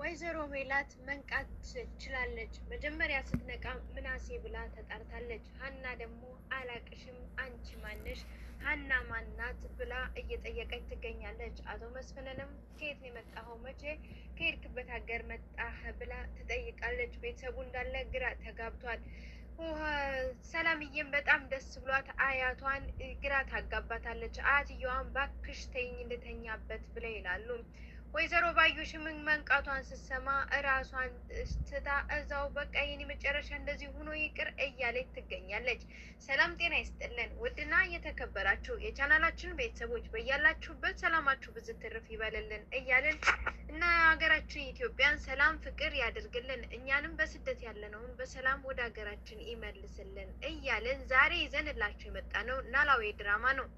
ወይዘሮ ሜላት መንቃት ችላለች። መጀመሪያ ስትነቃ ምናሴ ብላ ተጣርታለች። ሀና ደግሞ አላቅሽም፣ አንቺ ማነሽ፣ ሀና ማናት ብላ እየጠየቀች ትገኛለች። አቶ መስፍንንም ከየት ነው የመጣኸው? መቼ ከሄድክበት ሀገር መጣህ? ብላ ትጠይቃለች። ቤተሰቡ እንዳለ ግራ ተጋብቷል። ሰላምዬም በጣም ደስ ብሏት አያቷን ግራ ታጋባታለች። አያትየዋን ባክሽ ተይኝ ልተኛበት ብለ ይላሉ። ወይዘሮ ባዩሽ ምን መንቃቷን ስትሰማ እራሷን ስትታ እዛው በቃ የኔ መጨረሻ እንደዚህ ሆኖ ይቅር እያለች ትገኛለች። ሰላም ጤና ይስጥልን ውድና እየተከበራችሁ የቻናላችን ቤተሰቦች በያላችሁበት ሰላማችሁ ብዙ ትርፍ ይበልልን እያልን እና ሀገራችን ኢትዮጵያን ሰላም ፍቅር ያደርግልን፣ እኛንም በስደት ያለነውን በሰላም ወደ ሀገራችን ይመልስልን እያልን ዛሬ ይዘንላችሁ የመጣ ነው ኖላዊ ድራማ ነው።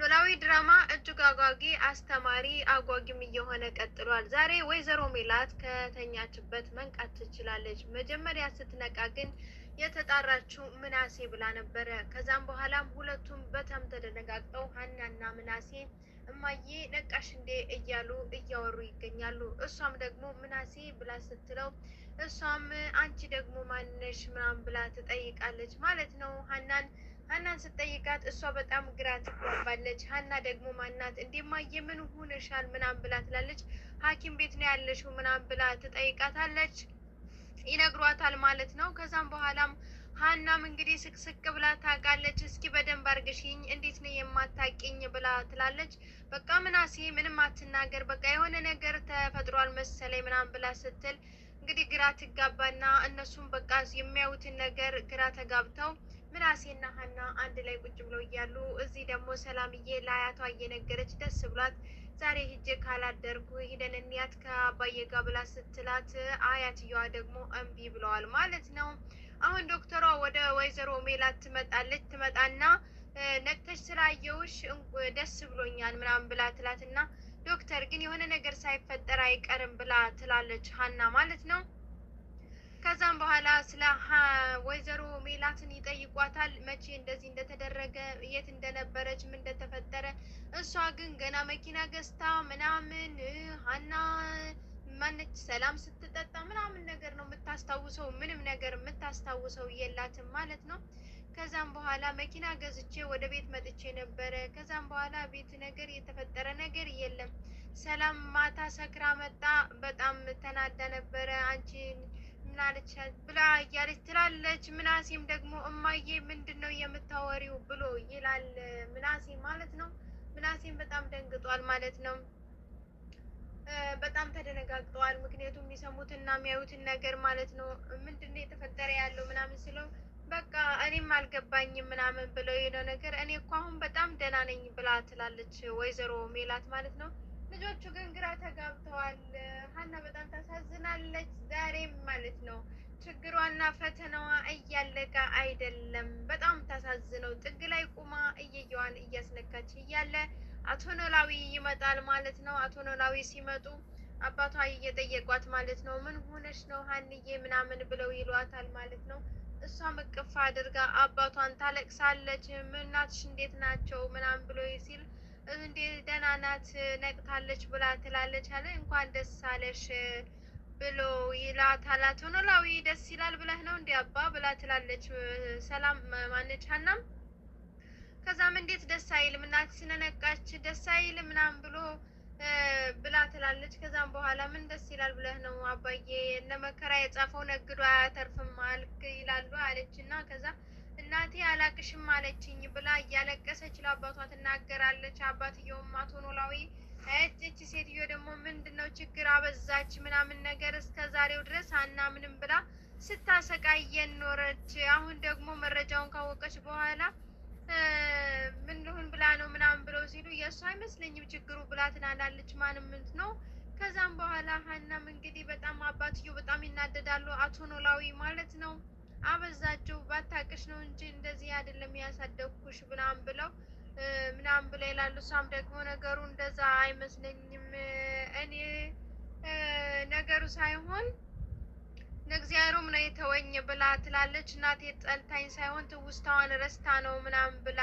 ኖላዊ ድራማ እጅግ አጓጊ፣ አስተማሪ፣ አጓጊም እየሆነ ቀጥሏል። ዛሬ ወይዘሮ ሜላት ከተኛችበት መንቃት ትችላለች። መጀመሪያ ስትነቃ ግን የተጣራችው ምናሴ ብላ ነበረ። ከዛም በኋላም ሁለቱም በጣም ተደነጋግጠው ሀናና ምናሴ እማዬ ነቃሽ እንዴ እያሉ እያወሩ ይገኛሉ። እሷም ደግሞ ምናሴ ብላ ስትለው እሷም አንቺ ደግሞ ማንነሽ ምናምን ብላ ትጠይቃለች ማለት ነው ሀናን ሀናን ስጠይቃት እሷ በጣም ግራ ትጋባለች። ሀና ደግሞ ማናት እንዴማዬ ምን ሆነሻል ምናም ብላ ትላለች። ሐኪም ቤት ነው ያለሽው ምናም ብላ ትጠይቃታለች። ይነግሯታል ማለት ነው። ከዛም በኋላም ሀናም እንግዲህ ስቅስቅ ብላ ታውቃለች። እስኪ በደንብ አርግሽኝ እንዴት ነው የማታውቂኝ ብላ ትላለች። በቃ ምናሴ ምንም አትናገር፣ በቃ የሆነ ነገር ተፈጥሯል መሰለኝ ምናም ብላ ስትል እንግዲህ ግራ ትጋባና እነሱም በቃ የሚያዩትን ነገር ግራ ተጋብተው ምናሴና ሀና አንድ ላይ ቁጭ ብለው እያሉ እዚህ ደግሞ ሰላምዬ ለአያቷ እየነገረች ደስ ብሏት ዛሬ ሂጄ ካላደርኩ ሂደን እንያት ከአባዬ ጋ ብላ ስትላት አያትየዋ ደግሞ እምቢ ብለዋል ማለት ነው። አሁን ዶክተሯ ወደ ወይዘሮ ሜላት ትመጣለች። ትመጣና ነቅተሽ ስላየውሽ ደስ ብሎኛል ምናምን ብላ ትላትና ዶክተር ግን የሆነ ነገር ሳይፈጠር አይቀርም ብላ ትላለች ሀና ማለት ነው። ከዛም በኋላ ስለ ወይዘሮ ሜላትን ይጠይቋታል። መቼ እንደዚህ እንደተደረገ የት እንደነበረች ምን እንደተፈጠረ። እሷ ግን ገና መኪና ገዝታ ምናምን ሀና ማነች ሰላም ስትጠጣ ምናምን ነገር ነው የምታስታውሰው። ምንም ነገር የምታስታውሰው የላትም ማለት ነው። ከዛም በኋላ መኪና ገዝቼ ወደ ቤት መጥቼ ነበረ። ከዛም በኋላ ቤት ነገር የተፈጠረ ነገር የለም። ሰላም ማታ ሰክራ መጣ። በጣም ተናዳ ነበረ አንቺን ምናለች ብላ እያለች ትላለች። ምናሴም ደግሞ እማዬ ምንድን ነው የምታወሪው ብሎ ይላል። ምናሴ ማለት ነው። ምናሴም በጣም ደንግጧል ማለት ነው። በጣም ተደነጋግጠዋል። ምክንያቱም የሚሰሙትና የሚያዩትን ነገር ማለት ነው። ምንድን ነው የተፈጠረ ያለው ምናምን ስለው በቃ እኔም አልገባኝም ምናምን ብለው የለው ነገር እኔ እኮ አሁን በጣም ደህና ነኝ ብላ ትላለች ወይዘሮ ሜላት ማለት ነው። ልጆቹ ግን ግራ ተጋብተዋል። ሀና በጣም ታሳዝናለች ዛሬም ማለት ነው። ችግሯና ፈተናዋ እያለቀ አይደለም። በጣም ታሳዝነው ጥግ ላይ ቁማ እየየዋን እያስነካች እያለ አቶ ኖላዊ ይመጣል ማለት ነው። አቶ ኖላዊ ሲመጡ አባቷ እየጠየቋት ማለት ነው። ምን ሆነሽ ነው ሀንዬ ምናምን ብለው ይሏታል ማለት ነው። እሷም እቅፍ አድርጋ አባቷን ታለቅሳለች። ምናትሽ እንዴት ናቸው ምናምን ብሎ ሲል እንዴ ደህና ናት ነቅታለች ብላ ትላለች አለ። እንኳን ደስ አለሽ ብሎ ይላታል። ኖላዊ ደስ ይላል ብለህ ነው እንዲ አባ ብላ ትላለች። ሰላም ማነች ሀናም። ከዛም እንዴት ደስ አይልም እናት ስነነቃች ደስ አይልም ምናምን ብሎ ብላ ትላለች። ከዛም በኋላ ምን ደስ ይላል ብለህ ነው አባዬ እነ መከራ የጻፈው ነግዶ አያተርፍም አልክ ይላሉ አለች እና ከዛ እናቴ አላቅሽም አለችኝ ብላ እያለቀሰች ለአባቷ ትናገራለች። አባትየውም አቶ ኖላዊ ሴትዮ ደግሞ ምንድነው ችግር አበዛች ምናምን ነገር እስከ ዛሬው ድረስ አናምንም ብላ ስታሰቃየን ኖረች። አሁን ደግሞ መረጃውን ካወቀች በኋላ ምን ልሁን ብላ ነው ምናምን ብለው ሲሉ የእሱ አይመስለኝም ችግሩ ብላ ትናላለች። ማንም ምንት ነው ከዛም በኋላ ሀናም እንግዲህ በጣም አባትዮ በጣም ይናደዳሉ። አቶ ኖላዊ ማለት ነው አበዛቸው ባታቅሽ ነው እንጂ እንደዚህ አይደለም ያሳደግኩሽ ምናምን ብለው ምናምን ብለው ይላሉ። እሷም ደግሞ ነገሩ እንደዛ አይመስለኝም እኔ ነገሩ ሳይሆን እግዚአብሔሩም ነው የተወኝ ብላ ትላለች። እናቴ ጠልታኝ ሳይሆን ትውስታዋን ረስታ ነው ምናምን ብላ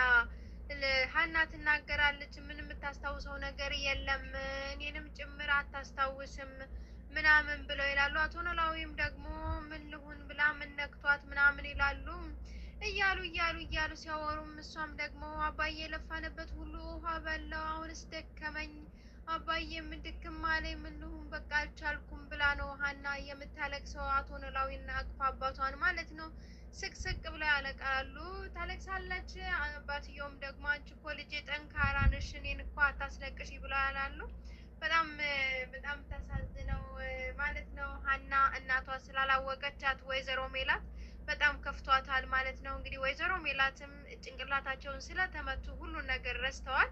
ሀና ትናገራለች። ምን የምታስታውሰው ነገር የለም እኔንም ጭምር አታስታውስም ምናምን ብለው ይላሉ። አቶ ኖላዊም ደግሞ ምን ልሁን ብላ ምን ነክቷት ምናምን ይላሉ። እያሉ እያሉ እያሉ ሲያወሩም እሷም ደግሞ አባዬ የለፋንበት ሁሉ ውሃ በላው፣ አሁንስ ደከመኝ አባዬ የምድክም አለ ምን ልሁን በቃ አልቻልኩም ብላ ነው ሀና የምታለቅሰው። አቶ ኖላዊና አቅፋ አባቷን ማለት ነው ስቅስቅ ብለው ያለቃሉ፣ ታለቅሳለች። አባትየውም ደግሞ አንቺ እኮ ልጄ ጠንካራ ነሽ፣ እኔን እኮ አታስለቅሽ ብለው ያላሉ። በጣም በጣም ተሳዝ ማለት ነው። ሀና እናቷ ስላላወቀቻት ወይዘሮ ሜላት በጣም ከፍቷታል ማለት ነው። እንግዲህ ወይዘሮ ሜላትም ጭንቅላታቸውን ስለተመቱ ሁሉን ነገር ረስተዋል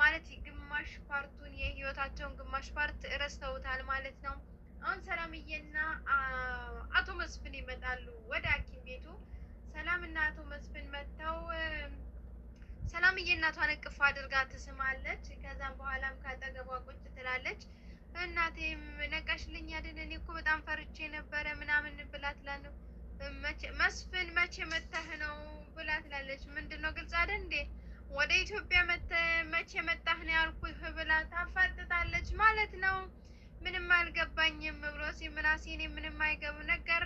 ማለት ግማሽ ፓርቱን የህይወታቸውን ግማሽ ፓርት ረስተውታል ማለት ነው። አሁን ሰላምዬና አቶ መስፍን ይመጣሉ ወደ ሐኪም ቤቱ። ሰላምና አቶ መስፍን መጥተው ሰላምዬ እናቷን እቅፍ አድርጋ ትስማለች። ከዛም በኋላም ካጠገቧ ቁጭ ትላለች። እናቴ ነቃሽልኝ አይደል? እኔ እኮ በጣም ፈርቼ ነበረ ምናምን ብላ ትላለች። መስፍን መቼ መጣህ ነው ብላ ትላለች። ምንድን ነው ግልጽ አይደል እንዴ? ወደ ኢትዮጵያ መቼ መጣህ ነው ያልኩህ ብላ ታፋጥጣለች ማለት ነው። ምንም አልገባኝም ብሎ ሲምናሴ እኔ ምንም አይገቡ ነገር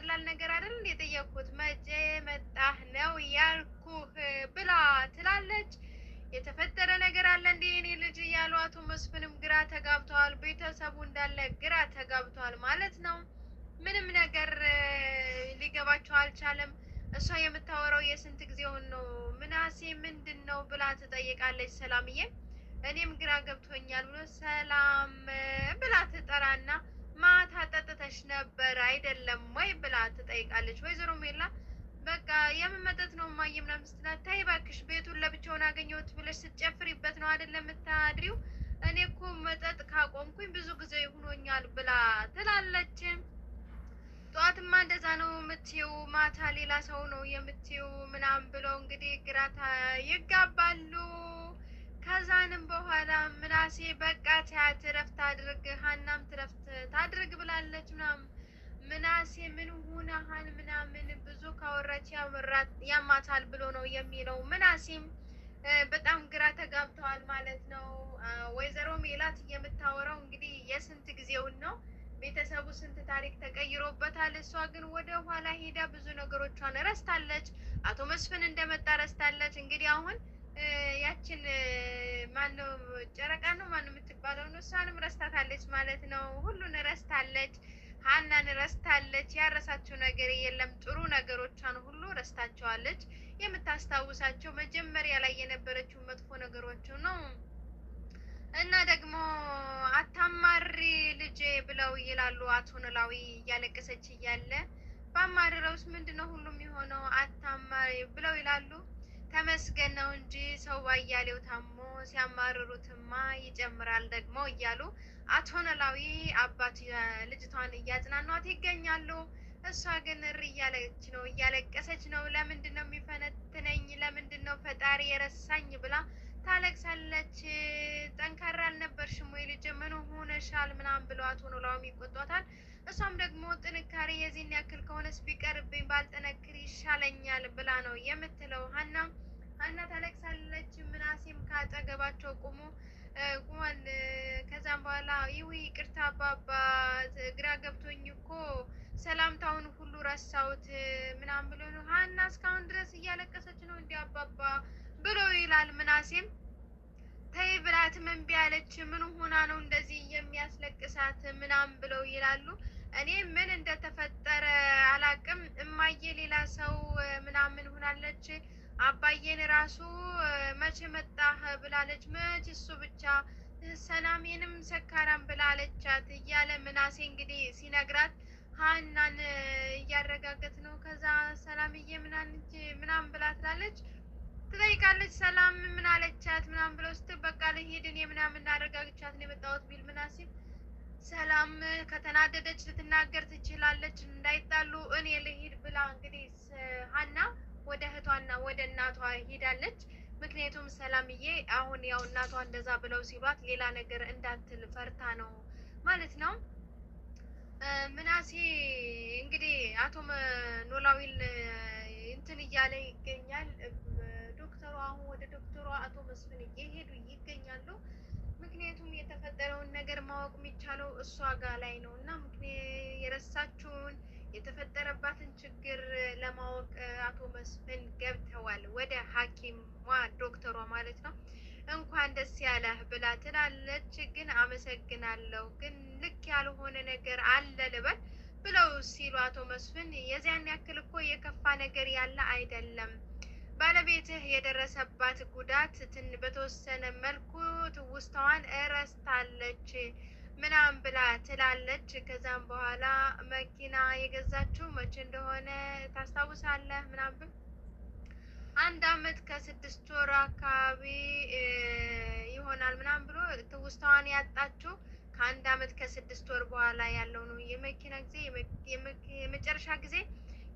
ቀላል ነገር አይደል እንዴ የጠየኩት መቼ መጣህ ነው ያልኩህ ብላ ትላለች። የተፈጠረ ነገር አለ እንዴ የኔ ልጅ እያሉ አቶ መስፍንም ግራ ተጋብተዋል። ቤተሰቡ እንዳለ ግራ ተጋብተዋል ማለት ነው። ምንም ነገር ሊገባቸው አልቻለም። እሷ የምታወራው የስንት ጊዜውን ነው? ምናሴ ምንድን ነው ብላ ትጠይቃለች ሰላምዬ። እኔም ግራ ገብቶኛል ብሎ ሰላም ብላ ትጠራና ማታ ጠጥተሽ ነበር አይደለም ወይ ብላ ትጠይቃለች ወይዘሮ ሜላ በቃ የምመጠት ነው እማዬ ምናምን ስትላት፣ ታይ እባክሽ ቤቱን ለብቻውን አገኘሁት ብለሽ ስትጨፍሪበት ነው አይደለም የምታድሪው። እኔ እኮ መጠጥ ካቆምኩኝ ብዙ ጊዜ ሆኖኛል ብላ ትላለች። ጠዋትማ እንደዛ ነው የምትይው፣ ማታ ሌላ ሰው ነው የምትይው ምናምን ብለው እንግዲህ ግራታ ይጋባሉ። ከዛንም በኋላ ምናሴ በቃ ተያት፣ እረፍት አድርግ፣ ሀናም ትረፍት ታድርግ ብላለች ምናምን ምናሴ ምን ሁነሃል ምናምን ብዙ ካወራች ያማታል ብሎ ነው የሚለው። ምናሴም በጣም ግራ ተጋብተዋል ማለት ነው። ወይዘሮ ሜላት የምታወራው እንግዲህ የስንት ጊዜውን ነው። ቤተሰቡ ስንት ታሪክ ተቀይሮበታል። እሷ ግን ወደ ኋላ ሄዳ ብዙ ነገሮቿን ረስታለች። አቶ መስፍን እንደመጣ ረስታለች። እንግዲህ አሁን ያችን ማነው ጨረቃ ነው ማነው የምትባለው እሷንም ረስታታለች ማለት ነው። ሁሉን ረስታለች። ሀናን ረስታለች። ያረሳችው ነገር የለም። ጥሩ ነገሮቿን ሁሉ ረስታቸዋለች። የምታስታውሳቸው መጀመሪያ ላይ የነበረችው መጥፎ ነገሮቹ ነው እና ደግሞ አታማሪ ልጄ ብለው ይላሉ አቶ ኖላዊ እያለቀሰች እያለ በአማርረውስ ምንድነው ሁሉም የሆነው አታማሪ ብለው ይላሉ። ተመስገን ነው እንጂ ሰው ባያሌው ታሞ ሲያማርሩትማ ይጨምራል ደግሞ እያሉ አቶ ኖላዊ አባት ልጅቷን እያጽናኗት ይገኛሉ። እሷ ግን እር እያለች ነው፣ እያለቀሰች ነው። ለምንድን ነው የሚፈነትነኝ? ለምንድን ነው ፈጣሪ የረሳኝ ብላ ታለቅሳለች። ጠንካራ አልነበርሽም ወይ ልጅ? ምን ሆነሻል? ምናምን ብሎ አቶ ላውም ይቆጧታል። እሷም ደግሞ ጥንካሬ የዚህን ያክል ከሆነስ ቢቀርብኝ ባልጠነክር ይሻለኛል ብላ ነው የምትለው ሀናም ሀና ታለቅሳለች። ምናሴም ካጠገባቸው ቁሞ ቁሟል። ከዛም በኋላ ይዊ ቅርታ አባባ፣ ግራ ገብቶኝ እኮ ሰላምታውን ሁሉ ረሳሁት ምናም ብሎ ነው ሀና እስካሁን ድረስ እያለቀሰች ነው እንዲ አባባ ብሎ ይላል። ምናሴም ተይ ብላት እምቢ ምን ሆና ነው እንደዚህ የሚያስለቅሳት ምናም ብለው ይላሉ። እኔ ምን እንደተፈጠረ አላቅም እማዬ ሌላ ሰው ምናምን ሆናለች አባዬን ራሱ መቼ መጣህ ብላለች። መቼ እሱ ብቻ ሰላሜንም ሰካራም ብላለቻት እያለ ምናሴ እንግዲህ ሲነግራት ሀናን እያረጋገት ነው። ከዛ ሰላምዬ ምናም ብላ ትላለች ትጠይቃለች። ሰላም ምን አለቻት ምናምን ብለው ስትል በቃ ልሂድ የምናም እናረጋግቻት ነው የመጣሁት ቢል ምናሴ ሰላም ከተናደደች ልትናገር ትችላለች፣ እንዳይጣሉ እኔ ልሂድ ብላ እንግዲህ ሀና ወደ እህቷና ወደ እናቷ ሄዳለች ምክንያቱም ሰላምዬ አሁን ያው እናቷ እንደዛ ብለው ሲሏት ሌላ ነገር እንዳትል ፈርታ ነው ማለት ነው። ምናሴ እንግዲህ አቶ ኖላዊን እንትን እያለ ይገኛል። ዶክተሩ አሁን ወደ ዶክተሯ አቶ መስፍን እየሄዱ ይገኛሉ። ምክንያቱም የተፈጠረውን ነገር ማወቅ የሚቻለው እሷ ጋር ላይ ነው እና የረሳችውን የተፈጠረባትን ችግር ለማወቅ አቶ መስፍን ገብተዋል። ወደ ሐኪሟ ዶክተሯ ማለት ነው። እንኳን ደስ ያለህ ብላ ትላለች። ግን አመሰግናለሁ፣ ግን ልክ ያልሆነ ነገር አለ ልበል ብለው ሲሉ አቶ መስፍን የዚያን ያክል እኮ የከፋ ነገር ያለ አይደለም። ባለቤትህ የደረሰባት ጉዳት ትን በተወሰነ መልኩ ትውስታዋን እረስታለች ምናምን ብላ ትላለች። ከዛም በኋላ መኪና የገዛችው መቼ እንደሆነ ታስታውሳለህ? ምናምን አንድ አመት ከስድስት ወር አካባቢ ይሆናል ምናምን ብሎ ትውስታዋን ያጣችው ከአንድ አመት ከስድስት ወር በኋላ ያለው ነው የመኪና ጊዜ የመጨረሻ ጊዜ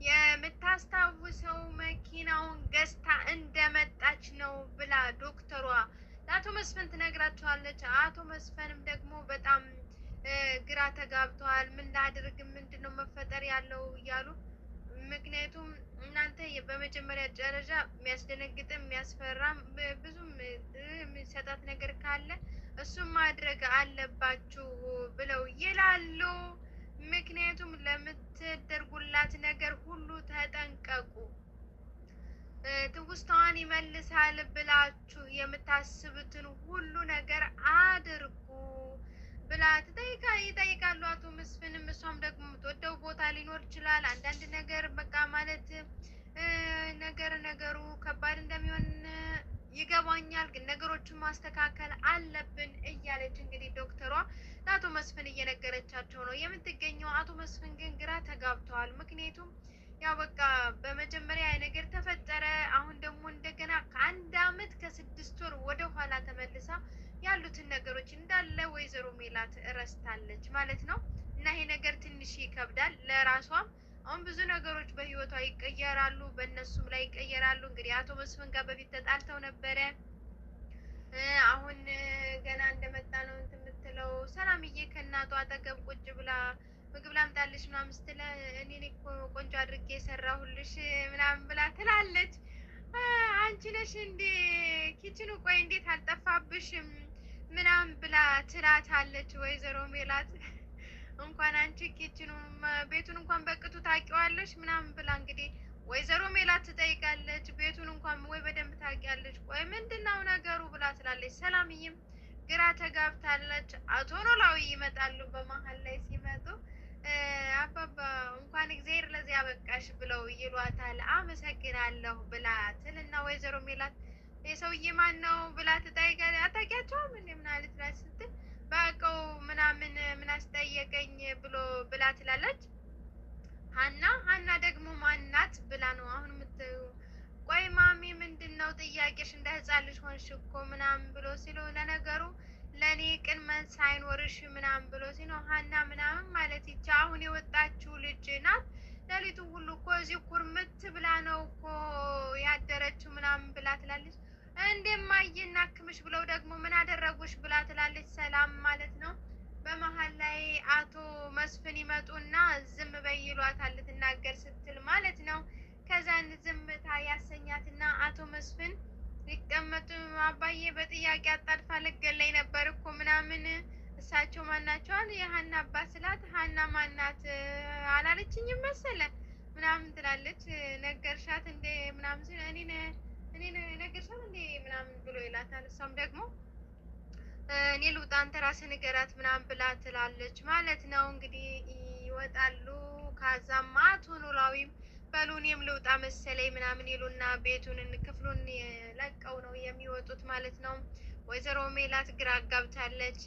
የምታስታውሰው መኪናውን ገዝታ እንደመ መስፍን ትነግራቸዋለች። አቶ መስፈንም ደግሞ በጣም ግራ ተጋብተዋል። ምን ላድርግ፣ ምንድን ነው መፈጠር ያለው እያሉ ምክንያቱም እናንተ በመጀመሪያ ደረጃ የሚያስደነግጥም የሚያስፈራም ብዙም የሚሰጣት ነገር ካለ እሱም ማድረግ አለባችሁ ብለው ይላሉ። ምክንያቱም ለምትደርጉላት ነገር ሁሉ ተጠንቀቁ ትውስታዋን ይመልሳል ብላችሁ የምታስቡትን ሁሉ ነገር አድርጉ ብላ ትጠይቃ ይጠይቃሉ አቶ መስፍንም። እሷም ደግሞ የምትወደው ቦታ ሊኖር ይችላል። አንዳንድ ነገር በቃ ማለት ነገር ነገሩ ከባድ እንደሚሆን ይገባኛል፣ ግን ነገሮችን ማስተካከል አለብን እያለች እንግዲህ ዶክተሯ ለአቶ መስፍን እየነገረቻቸው ነው የምትገኘው። አቶ መስፍን ግን ግራ ተጋብተዋል። ምክንያቱም ያው በቃ በመጀመሪያ ነገር ተፈጠረ። አሁን ደግሞ እንደገና ከአንድ አመት ከስድስት ወር ወደ ኋላ ተመልሳ ያሉትን ነገሮች እንዳለ ወይዘሮ ሜላት እረስታለች ማለት ነው። እና ይሄ ነገር ትንሽ ይከብዳል ለራሷም። አሁን ብዙ ነገሮች በህይወቷ ይቀየራሉ፣ በእነሱም ላይ ይቀየራሉ። እንግዲህ አቶ መስፍን ጋር በፊት ተጣልተው ነበረ። አሁን ገና እንደመጣ ነው እንትን የምትለው ሰላምዬ ከእናቷ አጠገብ ቁጭ ብላ ምግብ ላምጣልሽ ምናምን ስትለ እኔ ቆንጆ አድርጌ የሰራሁልሽ ምናምን ብላ ትላለች። አንቺ ነሽ እንዴ ኪችኑ? ቆይ እንዴት አልጠፋብሽም? ምናምን ብላ ትላታለች ወይዘሮ ሜላት። እንኳን አንቺ ኪችኑ ቤቱን እንኳን በቅጡ ታውቂዋለሽ ምናምን ብላ እንግዲህ ወይዘሮ ሜላት ትጠይቃለች። ቤቱን እንኳን ወይ በደንብ ታውቂያለሽ፣ ቆይ ምንድን ነው ነገሩ ብላ ትላለች። ሰላምዬም ግራ ተጋብታለች። አቶ ኖላዊ ይመጣሉ። በመሀል ላይ ሲመጡ አባባ እንኳን እግዚአብሔር ለዚህ አበቃሽ ብለው ይሏታል። አመሰግናለሁ ብላ ትልና ወይዘሮ ሜላት የሰውዬ ማን ነው ብላ ትጠይቀ አታውቂያቸውም ምን ምናምን ላ ስትል በቀው ምናምን ምን አስጠየቀኝ ብሎ ብላ ትላለች። ሀና ሀና ደግሞ ማናት ብላ ነው አሁን የምትዩ። ቆይ ማሚ ምንድን ነው ጥያቄሽ? እንደ ህፃን ልጅ ሆንሽ እኮ ምናምን ብሎ ሲሉ ለነገሩ ለእኔ ቅን መን ሳይኖርሽ ምናምን ብሎ ሲኖ ሀና ምናምን ማለት ይቻ አሁን የወጣችው ልጅ ናት። ሌሊቱ ሁሉ እኮ እዚህ ኩርምት ብላ ነው እኮ ያደረችው ምናምን ብላ ትላለች። እንደማይናክምሽ ብለው ደግሞ ምን አደረጉሽ ብላ ትላለች። ሰላም ማለት ነው። በመሀል ላይ አቶ መስፍን ይመጡና ዝም በይ ይሏታል ልትናገር ስትል ማለት ነው። ከዛን ዝምታ ያሰኛትና አቶ መስፍን ሊቀመጡ አባዬ በጥያቄ አጣድፋ ልገለኝ ነበር እኮ ምናምን እሳቸው ማናቸዋል የሀና አባት ስላት ሀና ማናት አላለችኝም መሰለ ምናምን ትላለች። ነገርሻት እንደ ምናምን ሲል እኔ እኔ ነገርሻት እንደ ምናምን ብሎ ይላታል። እሷም ደግሞ እኔ ልውጣ አንተ ራስህ ንገራት ምናምን ብላ ትላለች ማለት ነው። እንግዲህ ይወጣሉ። ካዛማ ኖላዊም በሉ እኔም መሰለኝ ምናምን ይሉና ቤቱን ክፍሉን ለቀው ነው የሚወጡት ማለት ነው። ወይዘሮ ሜላት ግራ አጋብታለች።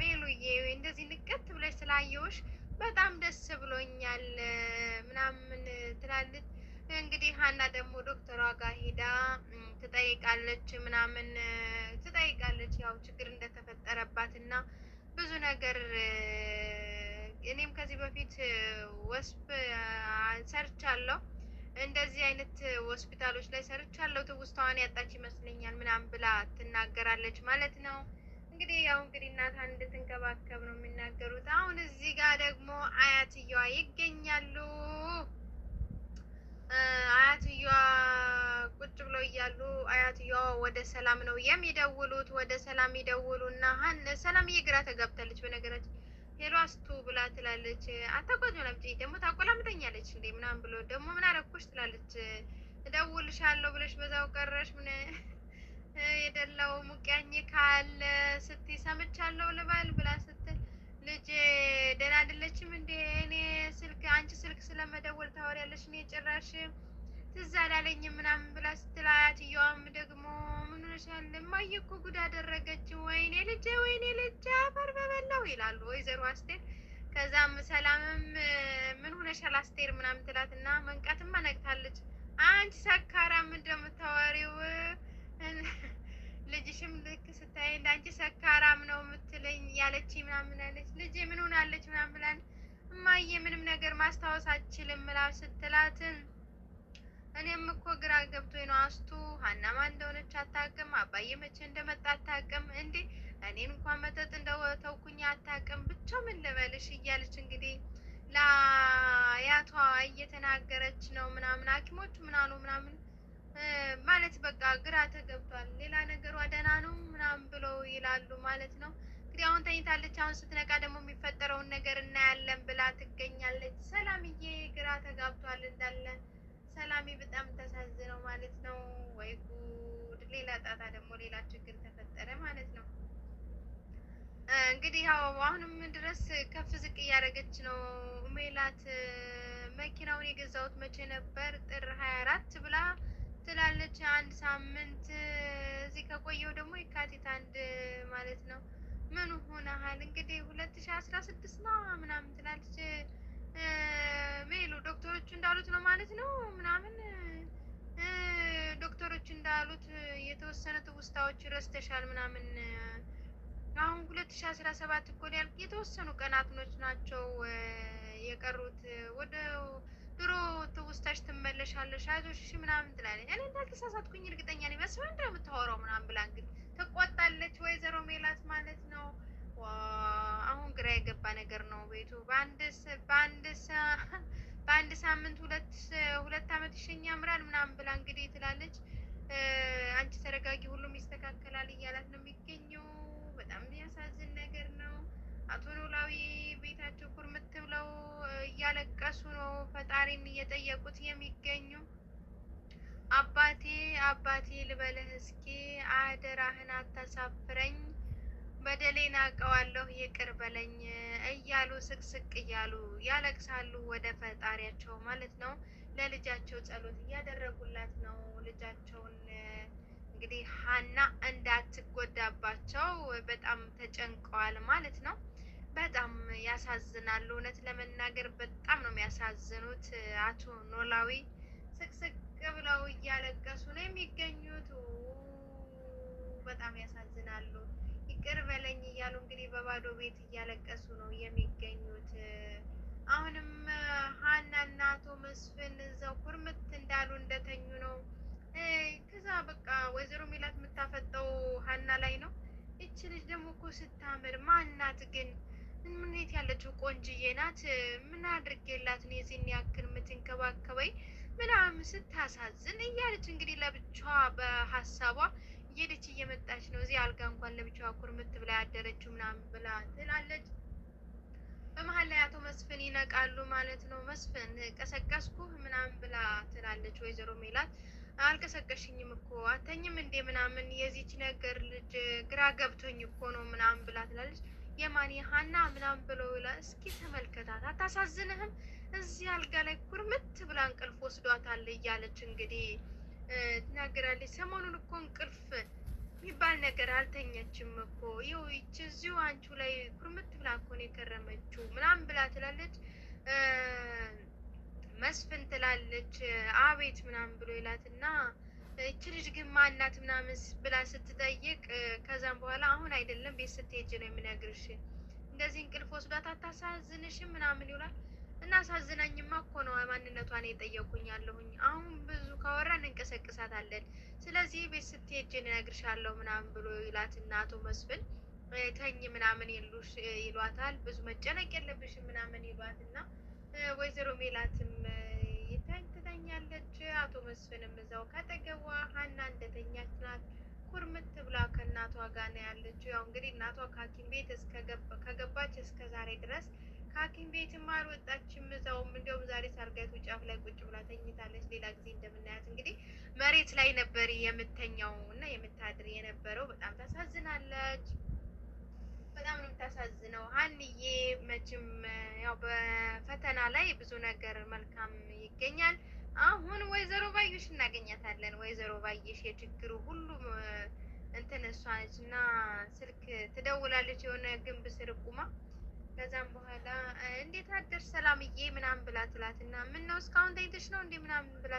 ሜሉዬ እንደዚህ ንቀት ብለሽ ስላየውሽ በጣም ደስ ብሎኛል ምናምን ትላለች። እንግዲህ ሀና ደግሞ ዶክተሯ ጋር ሄዳ ትጠይቃለች ምናምን ትጠይቃለች ያው ችግር እንደተፈጠረባት እና ብዙ ነገር እኔም ከዚህ በፊት ወስፕ ሰርቻለሁ እንደዚህ አይነት ሆስፒታሎች ላይ ሰርቻለሁ፣ ትውስታዋን ያጣች ይመስለኛል ምናምን ብላ ትናገራለች ማለት ነው። እንግዲህ ያው እንግዲህ እናት እንድትንከባከብ ነው የሚናገሩት። አሁን እዚህ ጋር ደግሞ አያትየዋ ይገኛሉ። አያትየዋ ቁጭ ብለው እያሉ አያትየዋ ወደ ሰላም ነው የሚደውሉት። ወደ ሰላም ይደውሉና ሰላም እየግራ ተጋብታለች በነገራችን ሄሎ አስቱ ብላ ትላለች። አታጓጅ ምናምን ብዬሽ ደግሞ ታቆላምጠኛለች። እንደ ምናምን ብሎ ደግሞ ምን አረኩሽ ትላለች። እደውልሻለሁ ብለሽ በዛው ቀረሽ። ምን የደላው ሙቅያኝ ካለ ስትይ ሰምቻለሁ ልባል ብላ ስትል ልጅ ደህና አይደለችም እንደ እኔ ስልክ አንቺ ስልክ ስለመደወል ታወሪያለሽ እኔ ጭራሽ ትዝ አላለኝም ምናምን ብላ ስትል እየዋም ደግሞ ምን ሆነሻል እማዬ እኮ ጉድ አደረገች፣ ወይኔ ልጄ፣ ወይኔ ልጄ አፈር በበላው ይላሉ ወይዘሮ አስቴር። ከዛም ሰላምም ምን ሆነሻል አስቴር ምናምን ትላት እና መንቃትም መነግታለች አንቺ ሰካራም እንደምታወሪው ልጅሽም ልክ ስታይ እንዳንቺ ሰካራም ነው የምትለኝ ያለች ምናምን አለች። ልጄ ምን ሆናለች ምናምን ብላን እማዬ ምንም ነገር ማስታወስ አችልም ምላ ስትላትን እኔም እኮ ግራ ገብቶኝ ነው አስቱ ሀና ማን እንደሆነች አታውቅም። አባዬ መቼ እንደመጣ አታውቅም። እንዴ እኔ እንኳን መጠጥ እንደተውኩኝ አታውቅም። ብቻ ምን ልበልሽ እያለች እንግዲህ ለአያቷ እየተናገረች ነው ምናምን ሐኪሞች ምናሉ ምናምን ማለት በቃ ግራ ተገብቷል። ሌላ ነገሯ ደህና ነው ምናምን ብሎ ይላሉ ማለት ነው። እንግዲህ አሁን ተኝታለች። አሁን ስትነቃ ደግሞ የሚፈጠረውን ነገር እናያለን ብላ ትገኛለች። ሰላምዬ ግራ ተጋብቷል እንዳለን ሰላሚ በጣም ተሳዝነው ማለት ነው። ወይ ጉድ! ሌላ ጣጣ ደግሞ ሌላ ችግር ተፈጠረ ማለት ነው። እንግዲህ ያው አሁንም ድረስ ከፍ ዝቅ እያደረገች ነው ሜላት። መኪናውን የገዛሁት መቼ ነበር? ጥር ሀያ አራት ብላ ትላለች። አንድ ሳምንት እዚህ ከቆየው ደግሞ የካቲት አንድ ማለት ነው። ምን ሆነሃል? እንግዲህ ሁለት ሺ አስራ ስድስት ነው ምናምን ትላለች ሜሉ ዶክተሮቹ እንዳሉት ነው ማለት ነው ምናምን ዶክተሮች እንዳሉት የተወሰነ ትውስታዎች ረስተሻል ምናምን። አሁን ሁለት ሺ አስራ ሰባት እኮ ነው የተወሰኑ ቀናትኖች ናቸው የቀሩት። ወደ ድሮ ትውስታሽ ትመለሻለሽ፣ አይዞሽ ምናምን ትላለች። እኔ እንዳልተሳሳትኩኝ እርግጠኛ ነኝ። መስሎ እንደምታወራው ምናምን ብላ እንግዲህ ትቆጣለች ወይዘሮ ሜላት ማለት ነው። አሁን ግራ የገባ ነገር ነው ቤቱ በአንድ ሳምንት ሁለት ዓመት ይሸኝ ያምራል ምናምን ብላ እንግዲህ ትላለች። አንቺ ተረጋጊ፣ ሁሉም ይስተካከላል እያላት ነው የሚገኘው። በጣም የሚያሳዝን ነገር ነው። አቶ ኖላዊ ቤታቸው ኩርምት ብለው እያለቀሱ ነው ፈጣሪን እየጠየቁት የሚገኙ አባቴ አባቴ ልበልህ እስኪ አደራህን አታሳፍረኝ በደሌን አውቀዋለሁ ይቅር በለኝ እያሉ ስቅስቅ እያሉ ያለቅሳሉ ወደ ፈጣሪያቸው ማለት ነው። ለልጃቸው ጸሎት እያደረጉላት ነው። ልጃቸውን እንግዲህ ሀና እንዳትጎዳባቸው በጣም ተጨንቀዋል ማለት ነው። በጣም ያሳዝናሉ። እውነት ለመናገር በጣም ነው የሚያሳዝኑት። አቶ ኖላዊ ስቅስቅ ብለው እያለቀሱ ነው የሚገኙት። በጣም ያሳዝናሉ። ይቅር በለኝ እያሉ እንግዲህ በባዶ ቤት እያለቀሱ ነው የሚገኙት። አሁንም ሀና እና አቶ መስፍን እዛው ኩርምት እንዳሉ እንደተኙ ነው። ከዛ በቃ ወይዘሮ ሚላት የምታፈጠው ሀና ላይ ነው። ይች ልጅ ደግሞ እኮ ስታምር ማናት ግን ምንት ያለችው ቆንጅዬ ናት። ምን አድርጌላት ነው የዚህን ያክል የምትንከባከበኝ ምናምን ስታሳዝን እያለች እንግዲህ ለብቻዋ በሀሳቧ ሄደች እየመጣች ነው። እዚህ አልጋ እንኳን ለብቻዋ ኩርምት ብላ ያደረችው ምናምን ብላ ትላለች። በመሀል ላይ አቶ መስፍን ይነቃሉ ማለት ነው። መስፍን ቀሰቀስኩ ምናምን ብላ ትላለች ወይዘሮ ሜላት። አልቀሰቀሽኝም እኮ አተኝም እንዴ ምናምን የዚች ነገር ልጅ ግራ ገብቶኝ እኮ ነው ምናምን ብላ ትላለች። የማን ሀና ምናምን ብሎ እስኪ ተመልከታት፣ አታሳዝንህም? እዚህ አልጋ ላይ ኩርምት ብላ እንቅልፍ ወስዷታል እያለች እንግዲህ ትናገራለች። ሰሞኑን እኮ እንቅልፍ የሚባል ነገር አልተኛችም እኮ ይው ይች እዚሁ አንቺ ላይ ኩርምት ብላ እኮ ነው የከረመችው ምናምን ብላ ትላለች። መስፍን ትላለች አቤት ምናምን ብሎ ይላት እና ይቺ ልጅ ግን ማናት ምናምን ብላ ስትጠይቅ ከዛም በኋላ አሁን አይደለም ቤት ስትሄጅ ነው የምነግርሽ እንደዚህ እንቅልፍ ወስዷት አታሳዝንሽም ምናምን ይውላል። እናሳዝናኝማ እኮ ነው ማንነቷን የጠየቁኝ ያለሁኝ። አሁን ብዙ ካወራን እንቀሰቅሳታለን። ስለዚህ ቤት ስትሄጅ እነግርሻለሁ ምናምን ብሎ ይላትና አቶ መስፍን ተኝ ምናምን የሉሽ ይሏታል። ብዙ መጨነቅ የለብሽ ምናምን ይሏትና ወይዘሮ ሜላትም ይተኝ ትተኛለች። አቶ መስፍንም እዛው ካጠገቧ ሀና እንደተኛች ናት። ኩርምት ብላ ከእናቷ ጋር ነው ያለችው። ያው እንግዲህ እናቷ ከሐኪም ቤት ከገባች እስከ ዛሬ ድረስ ቤት ቤትም አልወጣችም። እዛውም እንዲያውም ዛሬ ሳርጋይቱ ጫፍ ላይ ቁጭ ብላ ተኝታለች። ሌላ ጊዜ እንደምናያት እንግዲህ መሬት ላይ ነበር የምተኛው እና የምታድር የነበረው። በጣም ታሳዝናለች። በጣም ነው የምታሳዝነው። ሀንዬ መቼም ያው በፈተና ላይ ብዙ ነገር መልካም ይገኛል። አሁን ወይዘሮ ባየሽ እናገኛታለን። ወይዘሮ ባየሽ የችግሩ ሁሉም እንትን እሷ ነች እና ስልክ ትደውላለች የሆነ ግንብ ስር ቁማ ከዛም በኋላ እንዴት አደርሽ ሰላምዬ ምናምን ብላ ትላት እና ምን ነው እስካሁን ተኝተሽ ነው እንዴ ምናምን ብላ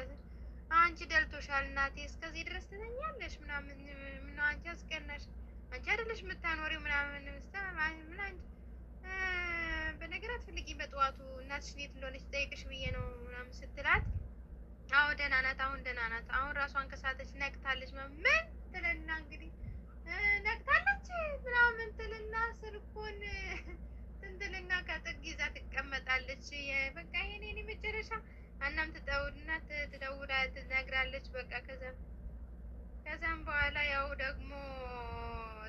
አንቺ ደልቶሻል እናቴ እስከዚህ ድረስ ትተኛለሽ ምናምን ምን ነው አንቺ አስቀናሽ አንቺ አይደለሽ የምታኖሪው ምናምን ምናምን በነገራት ፈልጊ በጠዋቱ እናትሽ እንዴት እንደሆነች ጠይቅሽ ብዬ ነው ምናምን ስትላት አዎ ደህና ናት አሁን ደህና ናት አሁን ራሷን ከሳተች ነቅታለች ምን ትለና እንግዲህ ነቅታለች ምናምን ትልና ስልኩን ሽምግልና ከጥግ ይዛ ትቀመጣለች። በቃ ይሄኔ መጨረሻ እናም ትጠውልና ትደውላ ትነግራለች። በቃ ከዛም በኋላ ያው ደግሞ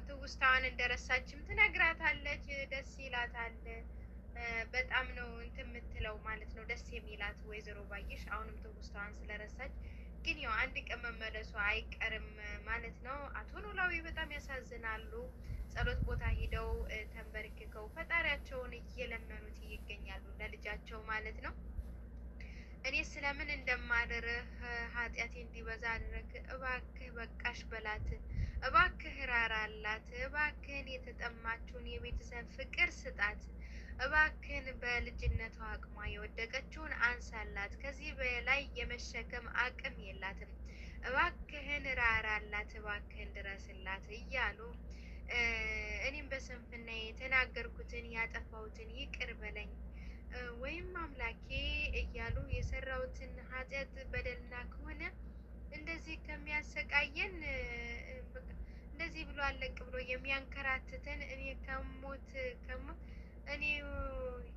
ትውስታዋን እንደረሳችም ትነግራታለች። ደስ ይላታል። በጣም ነው እንትን የምትለው ማለት ነው። ደስ የሚላት ወይዘሮ ባየሽ አሁንም ትውስታዋን ስለረሳች ግን ያው አንድ ቀን መመለሱ አይቀርም ማለት ነው። አቶ ኖላዊ በጣም ያሳዝናሉ። ጸሎት ቦታ ሂደው ተንበርክከው ፈጣሪያቸውን እየለመኑት ይገኛሉ ለልጃቸው ማለት ነው። እኔ ስለምን እንደማድርህ ኃጢአቴ እንዲበዛ አድረግ፣ እባክህ በቃሽ በላት፣ እባክህ ራራላት፣ እባክህን የተጠማችውን የቤተሰብ ፍቅር ስጣት እባክን በልጅነቷ አቅሟ የወደቀችውን አንሳላት። ከዚህ በላይ የመሸከም አቅም የላትም። እባክህን ራራላት፣ እባክህን ድረስላት እያሉ እኔም በስንፍና የተናገርኩትን ያጠፋሁትን ይቅር በለኝ ወይም አምላኬ እያሉ የሰራሁትን ኃጢአት በደልና ከሆነ እንደዚህ ከሚያሰቃየን እንደዚህ ብሎ አለቅ ብሎ የሚያንከራትተን እኔ ከሞት ከሞት እኔ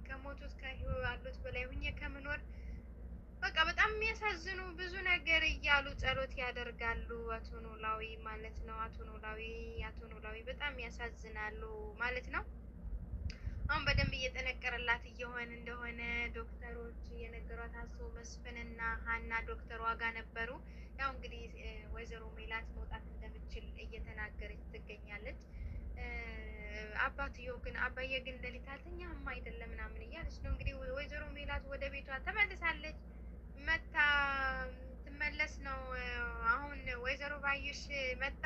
ከሞቱት ከህይወት በላይ ሁኜ ከምኖር በቃ በጣም የሚያሳዝኑ ብዙ ነገር እያሉ ጸሎት ያደርጋሉ። አቶ ኖላዊ ማለት ነው። አቶ ኖላዊ አቶ ኖላዊ በጣም ያሳዝናሉ ማለት ነው። አሁን በደንብ እየጠነቀረላት እየሆን እንደሆነ ዶክተሮች እየነገሯት አቶ መስፍንና ሀና ዶክተር ዋጋ ነበሩ። ያው እንግዲህ ወይዘሮ ሜላት መውጣት እንደምችል እየተናገረች ትገኛለች። አባትየው ግን አባዬ ግን ሌሊት አልተኛም አይደለም ምናምን እያለች ነው እንግዲህ ወይዘሮ ሜላት ወደ ቤቷ ተመልሳለች። መታ ትመለስ ነው አሁን ወይዘሮ ባዩሽ መጣ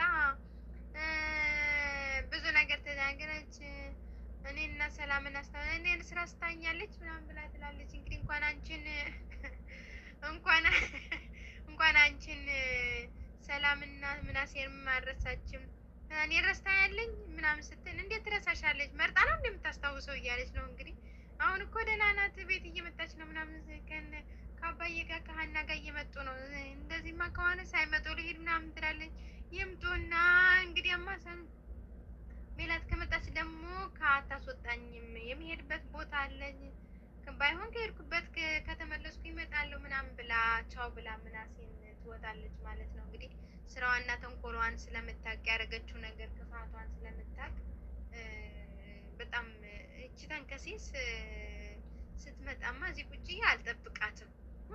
ብዙ ነገር ተናገረች። እና ሰላምን አስታ እኔን ስራ ስታኛለች ምናምን ብላ ትላለች። እንግዲህ እንኳን አንቺን እንኳን እንኳን አንቺን ሰላምና ምናሴን አልረሳችም እኔ ረስታ ያለኝ ምናምን ስትል እንዴት ትረሳሻለች? መርጣ ነው እንደምታስታውሰው እያለች ነው እንግዲህ። አሁን እኮ ደህና ናት፣ ቤት እየመጣች ነው ምናምን ከአባዬ ጋር ከሀና ጋር እየመጡ ነው። እንደዚህማ ከሆነ ሳይመጡ ልሄድ ምናምን ትላለች። ይምጡና እንግዲህ ማሰን ሜላት ከመጣች ደግሞ ከአታስወጣኝም የሚሄድበት ቦታ አለኝ ባይሆን ከሄድኩበት ከተመለስኩ ይመጣለሁ ምናምን ብላ ቻው ብላ ምናሴን ትወጣለች ማለት ነው እንግዲህ ስራዋና ተንኮሏን ስለምታቅ ያደረገችው ነገር ክፋቷን ስለምታቅ በጣም እቺ ተንከሴስ ስትመጣማ እዚህ ቁጭ አልጠብቃትም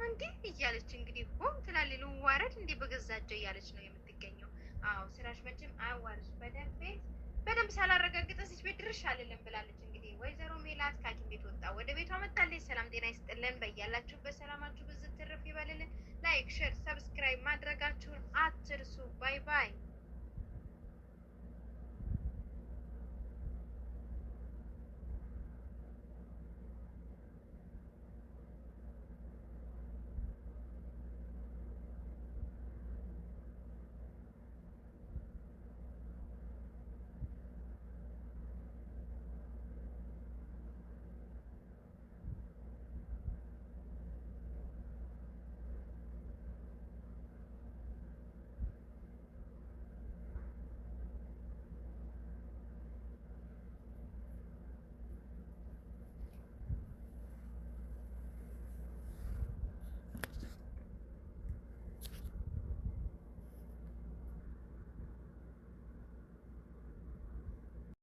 እንዴ እያለች እንግዲህ ሆም ትላል ልዋረድ እንዴ በገዛቸው እያለች ነው የምትገኘው። አዎ ስራሽ መቼም አያዋርሽ በደንብ በደንብ ሳላረጋግጠ ስች ቤት ድርሽ አልልም ብላለች። ወይዘሮ ሜላት ከሐኪም ቤት ወጣ ወደ ቤቷ መጣለች። ሰላም ጤና ይስጥልን። በያላችሁበት ሰላማችሁ ብዙ ትርፍ ይበልልን። ላይክ፣ ሼር፣ ሰብስክራይብ ማድረጋችሁን አትርሱ። ባይ ባይ።